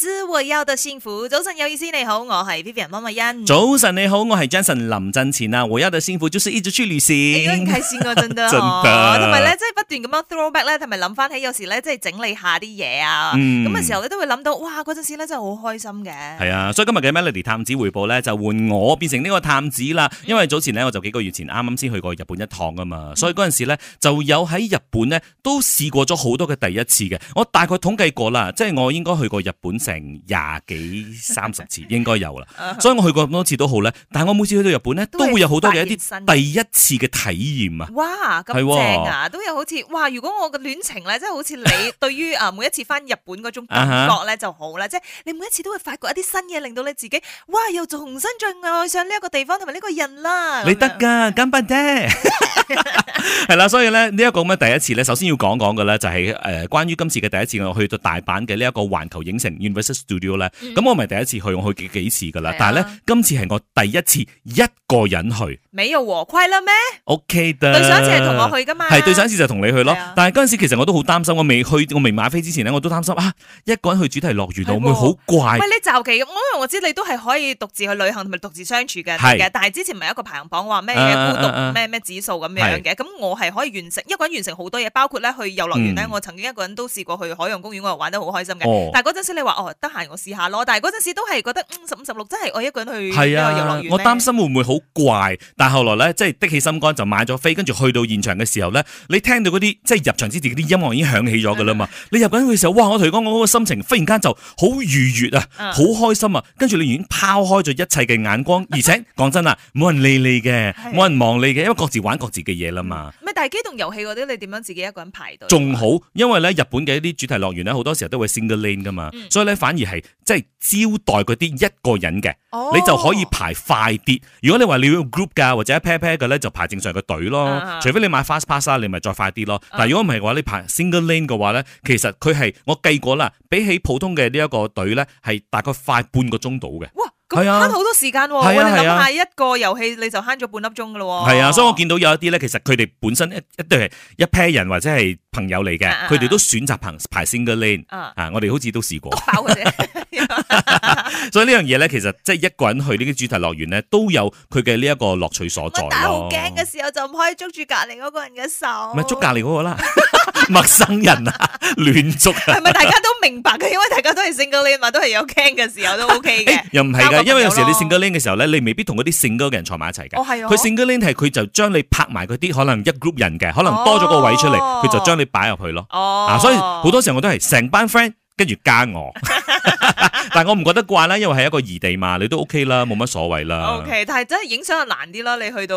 知我要的幸福，早晨有意思，你好，我係 Vivian 麥咪欣。早晨你好，我係 Jentzen 林振前啊！我要的幸福就是一直去旅行，應該係先啊，真 真啊的，同埋咧，即、就、係、是、不斷咁樣 throwback 咧，同埋諗翻起有時咧，即、就、係、是、整理下啲嘢啊，咁嘅、嗯、時候咧都會諗到，哇，嗰陣時咧真係好開心嘅。係啊，所以今日嘅 Melody 探子回報咧就換我變成呢個探子啦，因為早前咧我就幾個月前啱啱先去過日本一趟啊嘛，嗯、所以嗰陣時咧就有喺日本咧都試過咗好多嘅第一次嘅，我大概統計過啦，即係我應該去過日本。成廿幾三十次應該有啦， 啊、所以我去過咁多次都好咧。但係我每次去到日本咧，都會有好多嘅一啲第一次嘅體驗啊。哇，咁正啊！哦、都有好似哇，如果我嘅戀情咧，即係好似你對於啊每一次翻日本嗰種感覺咧就好啦， 即係你每一次都會發覺一啲新嘢，令到你自己哇又重新再愛上呢一個地方同埋呢個人啦。你得噶，咁不啫。 係啦，所以咧呢一個咁樣第一次咧，首先要講講嘅咧就係誒關於今次嘅第一次，我去到大阪嘅呢一個環球影城 Universal Studio 咧，咁我唔係第一次去，我去幾幾次噶啦，但係咧今次係我第一次一個人去，你又和虧啦咩？OK 的，對上一次係同我去噶嘛，係對上一次就同你去咯。但係嗰陣時其實我都好擔心，我未去我未買飛之前咧，我都擔心啊，一個人去主題樂園會唔會好怪？喂，你就其我知你都係可以獨自去旅行同埋獨自相處嘅，嘅。但係之前唔係一個排行榜話咩孤獨咩咩指數咁樣嘅。咁我係可以完成一個人完成好多嘢，包括咧去遊樂園咧。嗯、我曾經一個人都試過去海洋公園，嗰度玩得好開心嘅、哦哦。但係嗰陣時你話哦，得閒我試下咯。但係嗰陣時都係覺得嗯十五十六真係我一個人去遊樂園呢個遊、啊、我擔心會唔會好怪，但係後來咧即係的起心肝就買咗飛，跟住去到現場嘅時候咧，你聽到嗰啲即係入場之前啲音樂已經響起咗噶啦嘛。嗯、你入緊去嘅時候，哇！我同你講我嗰個心情，忽然間就好愉悦啊，好、嗯、開心啊。跟住你已經拋開咗一切嘅眼光，嗯、而且講 真啊，冇人理你嘅，冇人望你嘅，因為各自玩各自嘅嘢啦。唔係，但係機動遊戲嗰啲，你點樣自己一個人排隊？仲好，因為咧日本嘅一啲主題樂園咧，好多時候都會 single lane 噶嘛，所以咧反而係即係招待嗰啲一個人嘅，哦、你就可以排快啲。如果你話你要 group 噶或者 pair pair 嘅咧，就排正常嘅隊咯。啊、除非你買 fast pass 啦，你咪再快啲咯。但如果唔係嘅話，你排 single lane 嘅話咧，其實佢係我計過啦，比起普通嘅呢一個隊咧，係大概快半個鐘到嘅。係啊，慳好多時間。我哋諗下一個遊戲，你就慳咗半粒鐘噶咯。係啊，所以我見到有一啲咧，其實佢哋本身一一對係一 pair 人或者係朋友嚟嘅，佢哋、啊、都選擇憑排 single lane 啊。Lane，啊我哋好似都試過。 所以呢樣嘢咧，其實即係一個人去呢啲主題樂園咧，都有佢嘅呢一個樂趣所在。但係好驚嘅時候就唔可以捉住隔籬嗰個人嘅手，唔係捉隔籬嗰個啦， 陌生人啊，亂 捉、啊。係咪大家都明白嘅？因為大家都係 singleling 啊嘛，都係有驚嘅時候都 OK 嘅、 欸。又唔係噶，因為有時你 singleling 嘅時候咧，你未必同嗰啲 single 嘅人坐埋一齊嘅。哦，係啊。佢 singleling 係佢就將你拍埋嗰啲可能一 group 人嘅，可能多咗個位出嚟，佢、哦、就將你擺入去咯。哦、啊。所以好多時候我都係成班 friend 跟住加我。 但係我唔覺得怪啦，因為係一個異地嘛，你都 OK 啦，冇乜所謂啦。OK，但係真係影相就難啲啦。你去到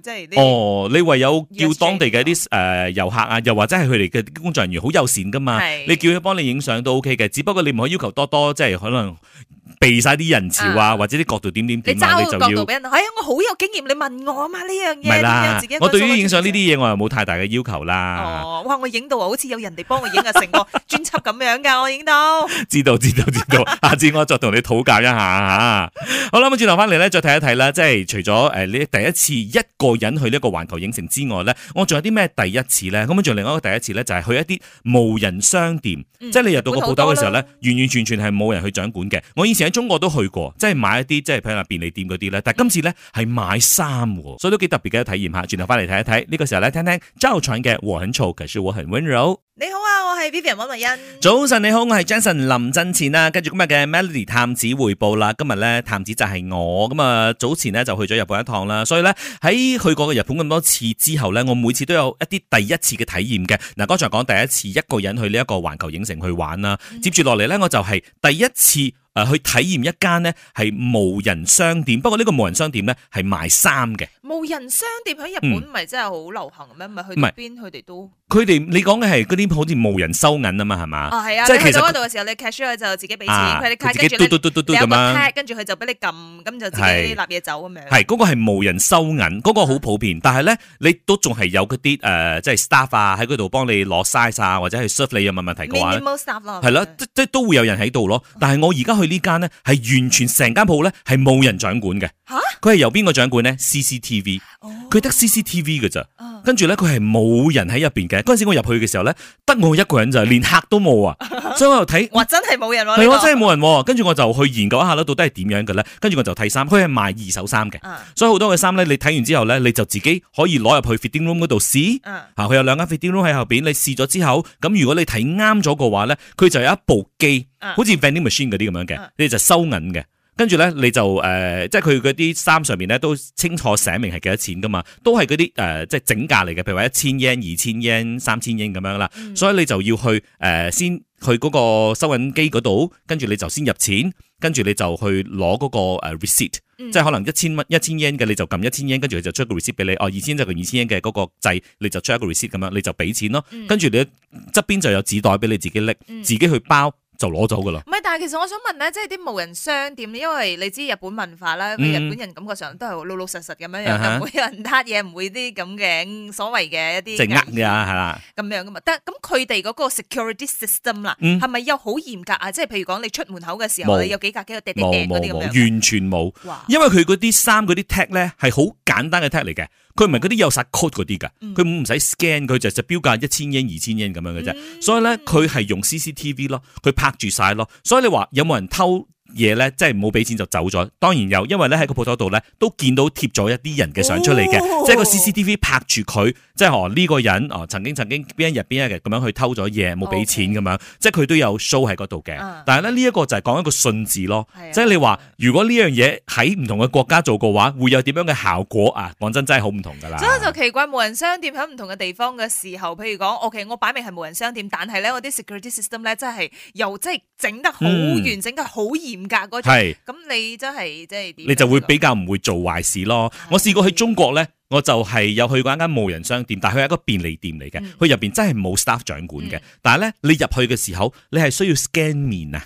即係哦，你唯有叫當地嘅一啲誒 USJ、呃、遊客啊，又或者係佢哋嘅工作人員好友善噶嘛，是你叫佢幫你影相都 OK 嘅。只不過你唔可以要求多多，即係可能。避晒啲人潮啊，啊或者啲角度點點點、啊，你,你就要角度俾人。係啊、哎，我好有經驗，你問我啊嘛呢樣嘢。唔係啦，我對於影相呢啲嘢我又冇太大嘅要求啦。哦、哇！我影到好似有人哋幫我影啊， 成個專輯咁樣噶，我影到。知道，知道，知道。下次我再同你討教一下吓。 好啦，咁轉頭翻嚟咧，再睇一睇啦。即係除咗誒，你、呃、第一次一個人去呢個環球影城之外咧，我仲有啲咩第一次咧？咁樣仲有另外一個第一次咧，就係、是、去一啲無人商店。嗯、即係你入到個鋪頭嘅時候咧，完完全全係冇人去掌管嘅。我以前。中國都去過，即係買一啲，即係譬如話便利店嗰啲咧。但係今次咧係買衫，所以都幾特別嘅體驗下。轉頭翻嚟睇一睇呢個時候咧，聽聽趙傳嘅《我很吵，可是我很温柔》。你好啊，我係 Vivian 温文欣。早晨你好，我係 Jason 林振前啊。跟住今日嘅 Melody 探子回報啦。今日咧探子就係我咁啊。早前咧就去咗日本一趟啦，所以咧喺去過嘅日本咁多次之後咧，我每次都有一啲第一次嘅體驗嘅。嗱，剛才講第一次一個人去呢一個環球影城去玩啦，嗯、接住落嚟咧我就係第一次。去體驗一間呢係無人商店，不過呢個無人商店呢係賣衫嘅。無人商店喺日本唔係真係好流行嘅咩？唔係去邊，佢哋都，佢哋你講嘅係嗰啲好似無人收銀啊嘛，係嘛？哦，係啊，即係去到嗰度嘅時候，你 cash 出去就自己俾錢，佢哋 cash 跟住咧有個 key，跟住佢就俾你撳，咁就自己攞嘢走咁樣。係嗰個係無人收銀，嗰個好普遍，但係呢，你都仲係有嗰啲誒，即係 staff 啊，喺嗰度幫你攞 size 啊，或者係 serve 你有冇問題啩？係啦，即都會有人喺度咯。但係我而家去。呢間咧係完全成間鋪咧係冇人掌管嘅。吓，佢係由邊個掌管咧？CCTV，佢得 CCTV 㗎咋？跟住咧，佢係冇人喺入邊嘅。嗰陣時我入去嘅時候咧，得我一個人就連客都冇啊。所以我又睇，哇，真係冇人喎。係我真係冇人。跟住我就去研究一下啦，到底係點樣嘅咧？跟住我就睇衫，佢係賣二手衫嘅，所以好多嘅衫咧，你睇完之後咧，你就自己可以攞入去 fitting room 度試。吓，佢有兩間 fitting room 喺後邊，你試咗之後，咁如果你睇啱咗嘅話咧，佢就有一部機。好似 vending machine 嗰啲咁樣嘅，你就收銀嘅。跟住咧，你就誒、呃，即係佢嗰啲衫上面咧都清楚寫明係幾多錢噶嘛，都係嗰啲誒，即係整價嚟嘅。譬如話一千 yen、二千 yen、三千 yen 咁樣啦。嗯、所以你就要去誒、呃，先去嗰個收銀機嗰度，跟住你就先入錢，跟住你就去攞嗰個 receipt，嗯、即係可能一千蚊、一千 yen 嘅，你就撳一千 yen，跟住佢就出個 receipt 俾你。哦，二千就個二千 yen 嘅嗰個掣，你就出一個 receipt 咁樣，你就俾錢咯。跟住、嗯、你側邊就有紙袋俾你自己拎，嗯、自己去包。就攞走噶啦。唔係，但係其實我想問咧，即係啲無人商店，因為你知日本文化啦，日本人感覺上都係老老實實咁樣樣，唔會有人撻嘢，唔會啲咁嘅所謂嘅一啲。即係呃你啊，係啦。咁樣噶嘛，但係咁佢哋嗰個 security system 啦，係咪又好嚴格啊？即係譬如講你出門口嘅時候，你有幾格幾個 detect 嗰啲，冇，完全冇。因為佢嗰啲衫嗰啲 tag 咧係好簡單嘅 tag 嚟嘅，佢唔係嗰啲有 set code 嗰啲㗎，佢唔使 scan，佢就就標價一千英二千英咁樣嘅啫。所以咧，佢係用 CCTV 咯，吓住晒咯，所以你話有冇人偷？嘢咧，即係冇俾錢就走咗。當然有，因為咧喺個鋪頭度咧，都見到貼咗一啲人嘅相出嚟嘅，哦、即係個 CCTV 拍住佢，即係哦呢個人哦曾經曾經邊一日邊一日咁樣去偷咗嘢冇俾錢咁、哦、樣，即係佢都有 show 喺嗰度嘅。啊、但係咧呢一、呢個就係講一個信字咯，啊、即係你話如果呢樣嘢喺唔同嘅國家做嘅話，會有點樣嘅效果啊？講真真係好唔同㗎啦。所以就奇怪無人商店喺唔同嘅地方嘅時候，譬如講 OK，我擺明係無人商店，但係咧我啲 security system 咧真係又即係整得好完整得好嚴。係，咁你真係即係，你就會比較唔會做壞事咯。我試過去中國咧，我就係有去過一間無人商店，但係佢係一個便利店嚟嘅，佢入邊真係冇 staff 掌管嘅。但係咧，你入去嘅時候，你係需要 scan 面啊。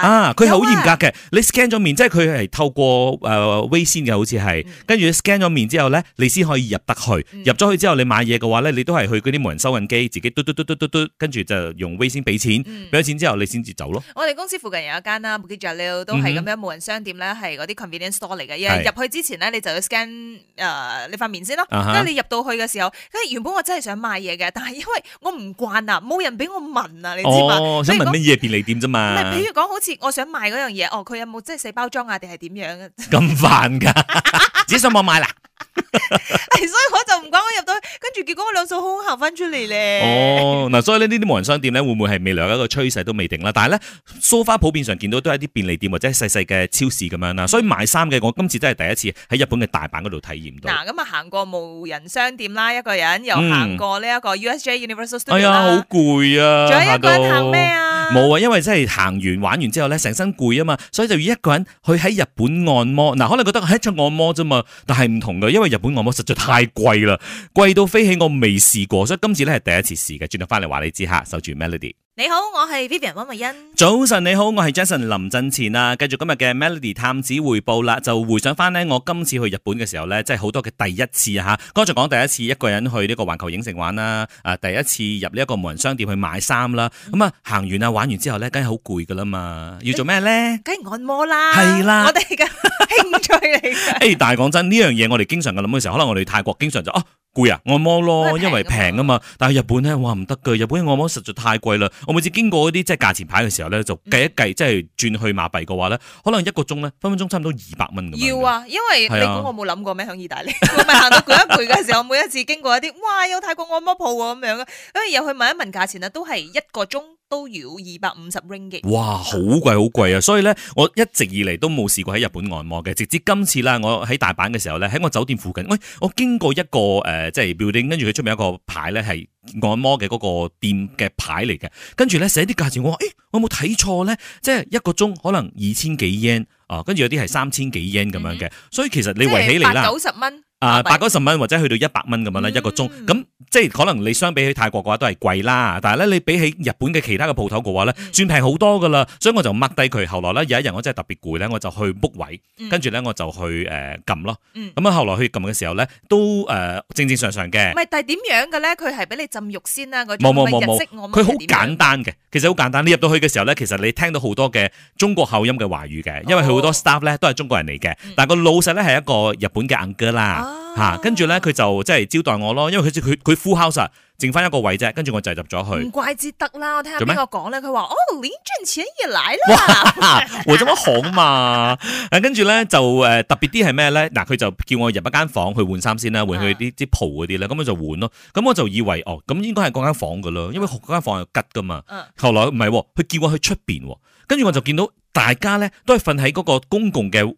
啊！佢係好嚴格嘅，啊、你 scan 咗面，即係佢係透過誒微信嘅，好似係跟住 scan 咗面之後咧，你先可以入得去。入咗去之後，你，、嗯、後你買嘢嘅話咧，你都係去嗰啲無人收銀機，自己嘟嘟嘟嘟嘟嘟，跟住就用微信俾錢，俾咗錢之後你先至走咯。嗯、我哋公司附近有一間啦 m u j e 都係咁樣、嗯、無人商店咧，係嗰啲 convenience store 嚟嘅。入去之前咧，你就要 scan 誒、呃、你塊面先咯。即係、啊、哈你入到去嘅時候，跟住原本我真係想買嘢嘅，但係因為我唔慣啊，冇人俾我問啊，你知嘛？哦、想問乜嘢便利店啫嘛？例如講好似。我想買嗰樣嘢，哦，佢有冇即係細包裝啊？定係點樣啊？咁煩噶， 直接上網買啦 所以我就唔講我，我入到，去，跟住結果我兩手空行翻出嚟咧。哦，嗱，所以咧，呢啲無人商店咧，會唔會係未來有一個趨勢都未定啦？但係咧 so far，普遍上見到都係啲便利店或者係細細嘅超市咁樣啦。所以買衫嘅，我今次真係第一次喺日本嘅大阪嗰度體驗。嗱，咁啊行過無人商店啦，一個人又行過呢一個 USJ Universal Studio，哎呀，好攰啊！仲有一個人行咩啊？嗯冇啊，因為真係行完玩完之後咧，成身攰啊嘛，所以就要一個人去喺日本按摩。嗱、呃，可能覺得喺出按摩啫嘛，但係唔同㗎，因為日本按摩實在太貴啦，貴到飛起，我未試過，所以今次咧係第一次試嘅。轉頭翻嚟話你知吓，守住 Melody。你好，我係 Vivian 溫慧欣。早晨，你好，我係 Jason 林振前啊。繼續今日嘅 Melody 探子匯報啦，就回想翻呢，我今次去日本嘅時候呢，即係好多嘅第一次吓。剛才講第一次一個人去呢個環球影城玩啦，啊，第一次入呢一個無人商店去買衫啦。咁啊，行完啊玩完之後呢，梗係好攰噶啦嘛，要做咩呢？梗係按摩啦，係啦， 我哋嘅興趣嚟。誒、 hey,，但係講真呢樣嘢，我哋經常嘅諗嘅時候，可能我哋去泰國經常就啊。會啊，按摩咯，因為平啊嘛。但係日本咧，哇唔得嘅，日本嘅按摩實在太貴啦。我每次經過嗰啲即係價錢牌嘅時候咧，就計一計，嗯、即係轉去馬幣嘅話咧，可能一個鐘咧分分鐘差唔多二百蚊咁要啊，因為、啊、你估我冇諗過咩？喺意大利，我 咪 行到攰一攰嘅時候，每一次經過一啲，哇有泰國按摩鋪喎咁樣嘅，哎又去問一問價錢啦，都係一個鐘，都要二百五十 ring 嘅，哇，好貴好貴啊！所以咧，我一直以嚟都冇試過喺日本按摩嘅，直至今次啦。我喺大阪嘅時候咧，喺我酒店附近，喂、哎，我經過一個誒，即、呃、係、就是、building，跟住佢出面一個牌咧係按摩嘅嗰個店嘅牌嚟嘅，跟住咧寫啲價錢，我話，誒、哎，我有冇睇錯咧，即係一個鐘可能二千幾 yen 啊，跟住有啲係三千幾 yen 咁樣嘅，嗯、所以其實你圍起嚟啦。八九十蚊。啊，八九十蚊或者去到一百蚊咁樣啦，嗯、一個鐘。咁即係可能你相比起泰國嘅話都係貴啦，但係咧你比起日本嘅其他嘅鋪頭嘅話咧，嗯、算平好多噶啦。所以我就 mark 低佢。後來咧有一日我真係特別攰，咧我就去 book 位，跟住咧我就去誒撳、呃、咯。咁啊、嗯、後來去撳嘅時候咧，都誒、呃、正正常常嘅。係，但係點樣嘅咧？佢係俾你浸浴先啦，嗰種嘅日式按摩。佢好簡單嘅，其實好簡單。你入到去嘅時候咧，其實你聽到好多嘅中國口音嘅華語嘅，因為佢好多 staff 咧都係中國人嚟嘅。哦、但係個老細咧係一個日本嘅 uncle 啦。啊嚇，跟住咧佢就即係招待我咯，因為佢佢佢 full house。剩翻一個位啫，跟住我就入咗去。唔怪之得啦，我聽下邊個講咧，佢話哦，臉賺錢又嚟啦。回咗乜行好嘛？誒，跟住咧就誒特別啲係咩咧？嗱，佢就叫我入一間房去換衫先啦，換去啲啲鋪嗰啲咧，咁佢、啊、就換咯。咁、嗯、我就以為哦，咁應該係嗰間房噶咯，因為嗰間房係吉噶嘛。嗯、啊。後來唔係，佢叫我去出邊，跟住我就見到大家咧都係瞓喺嗰個公共嘅誒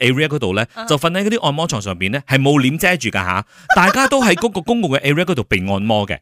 area 嗰度咧，呃呃呃啊、就瞓喺嗰啲按摩床上邊咧，係冇簾遮住噶吓、啊，大家都喺嗰個公共嘅 area 嗰度被按摩嘅。啊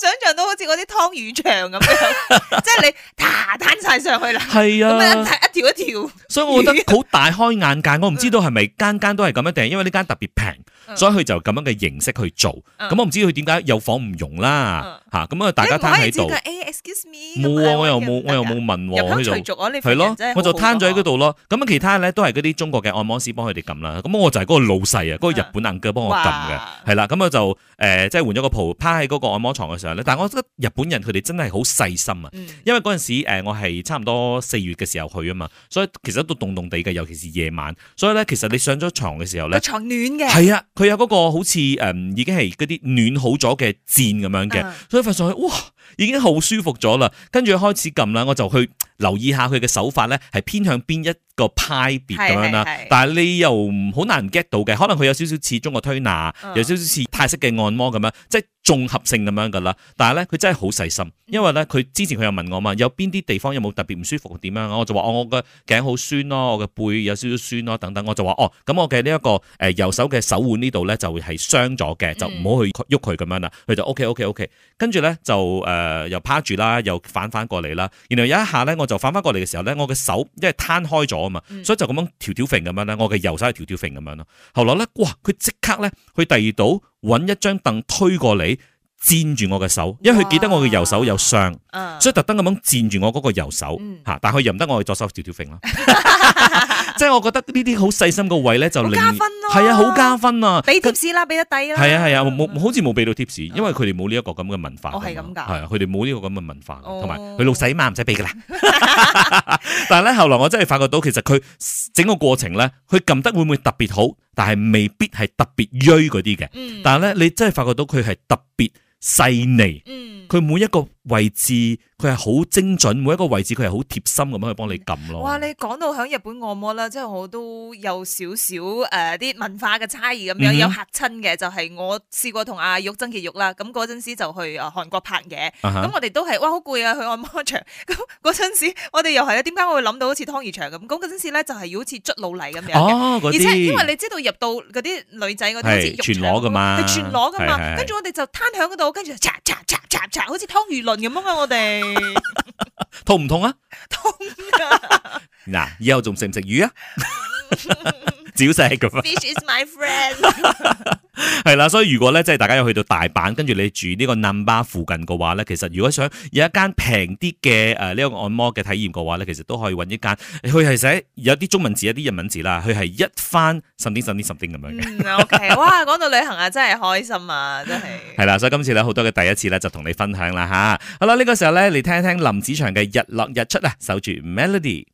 想象到好似嗰啲湯魚腸咁，即係你攤晒上去啦。係啊，一條一條。所以我覺得好大開眼界，我唔知道係咪間間都係咁樣訂，因為呢間特別平，所以佢就咁樣嘅形式去做。咁我唔知佢點解有房唔用啦嚇。咁啊，大家攤喺度。冇啊，我又冇，我又冇問喎。入鄉隨俗，我呢份工真係好好。係咯，我就攤咗喺嗰度咯。咁其他咧都係嗰啲中國嘅按摩師幫佢哋撳啦。咁我就係嗰個老細啊，嗰個日本硬腳幫我撳嘅，係啦。咁我就誒即係換咗個鋪，趴喺嗰個按摩床嘅時候。但係我覺得日本人佢哋真係好細心啊，嗯、因為嗰陣時我係差唔多四月嘅時候去啊嘛，所冬冬，所以其實都凍凍地嘅，尤其是夜、啊、晚。嗯嗯、所以咧，其實你上咗床嘅時候咧，床暖嘅，係啊，佢有嗰個好似誒已經係嗰啲暖好咗嘅箭咁樣嘅，所以瞓上去哇已經好舒服咗啦。跟住開始撳啦，我就去留意下佢嘅手法咧，係偏向邊一個派別咁樣啦。係係係係，但係你又好難 get 到嘅，可能佢有少少似中國推拿，有少少似泰式嘅按摩咁樣，即係。綜合性咁樣噶啦，但係咧佢真係好細心，因為咧佢之前佢又問我嘛，有邊啲地方有冇特別唔舒服點樣？我就話哦，我嘅頸好酸咯，我嘅背有少少酸咯，等等。我就話哦，咁我嘅呢一個誒右手嘅手腕呢度咧就會係傷咗嘅，就唔好去喐佢咁樣啦。佢、嗯、就 O K、OK, O K、OK, O、OK、K，跟住咧就誒、呃、又趴住啦，又反反過嚟啦。然後有一下咧，我就反翻過嚟嘅時候咧，我嘅手因為攤開咗啊嘛，嗯、所以就咁樣條條揈咁樣咧，我嘅右手係條條揈咁樣咯。後來咧，哇！佢即刻咧，佢第二度。揾一張凳推過嚟，墊住我嘅手，因為佢記得我嘅右手有傷，哇所以特登咁樣墊住我嗰個右手吓，嗯、但係佢又唔得我去左手條條 finger 啦，即係我覺得呢啲好細心嘅位咧就令、啊。係啊，好加分啊！俾貼士啦，俾得抵啊！係啊係啊，冇好似冇俾到貼士，因為佢哋冇呢一個咁嘅文化。哦，係咁㗎。係啊，佢哋冇呢個咁嘅文化，同埋佢老細嘛唔使俾㗎啦。但係咧，後來我真係發覺到，其實佢整個過程咧，佢撳得會唔會特別好？但係未必係特別鋭嗰啲嘅。嗯。但係咧，你真係發覺到佢係特別細膩。嗯。佢每一個位置佢係好精準，每一個位置佢係好貼心咁樣去幫你撳咯。哇！你講到喺日本按摩啦，即係我都有少少誒啲文化嘅差異咁樣，有吓親嘅就係我試過同阿玉曾傑玉啦，咁嗰陣時就去啊韓國拍嘢，咁我哋都係哇好攰啊去按摩場，咁嗰陣時我哋又係咧，點解我會諗到好似湯魚場咁？咁嗰陣時咧就係要好似捽老泥咁樣嘅，而且因為你知道入到嗰啲女仔嗰啲全裸噶嘛，係全裸噶嘛，跟住我哋就攤喺嗰度，跟住就擦擦擦擦擦，好似湯魚濾。咁啊！我哋 痛唔痛啊？痛㗎。嗱，以後仲食唔食魚啊？少食。Fish is my friend. 係啦，所以如果咧，即係大家要去到大阪，跟住你住呢個 Namba 附近嘅話咧，其實如果想有一間平啲嘅誒呢一、呃這個按摩嘅體驗嘅話咧，其實都可以揾一間。佢係寫有啲中文字，一啲日文字啦。佢係一翻十點十點十點咁樣嘅。嗯、o、okay. K， 哇，講到旅行啊，真係開心啊，真係。係啦，所以今次咧好多嘅第一次咧就同你分享啦吓。好啦，呢、呢個時候咧嚟聽一聽林子祥嘅日落日出啊，守住 melody。